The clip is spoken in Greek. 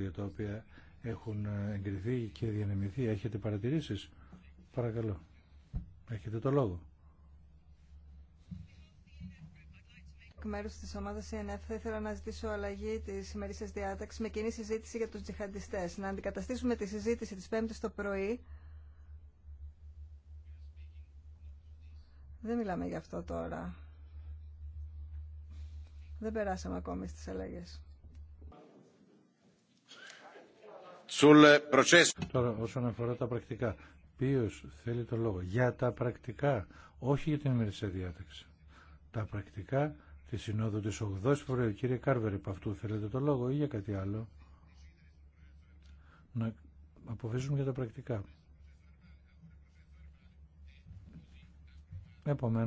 για τα οποία έχουν εγκριθεί και διανεμηθεί. Έχετε παρατηρήσεις. Παρακαλώ. Έχετε το λόγο. Εκ μέρου τη ομάδα ΕΝΕΦ θα ήθελα να ζητήσω αλλαγή τη ημερήσια διάταξη με κοινή συζήτηση για του τζιχαντιστέ. Να αντικαταστήσουμε τη συζήτηση τη Πέμπτη το πρωί. Δεν μιλάμε γι' αυτό τώρα. Δεν περάσαμε ακόμη στις αλλαγές. Τώρα όσον αφορά τα πρακτικά. Ποιο θέλει το λόγο. Για τα πρακτικά. Όχι για την ημερησία διάταξη. Τα πρακτικά τη Συνόδου τη 8η Φεβρουαρίου. Κύριε Κάρβερ, από αυτού θέλετε το λόγο ή για κάτι άλλο. Να αποφασίσουμε για τα πρακτικά. Επομένω.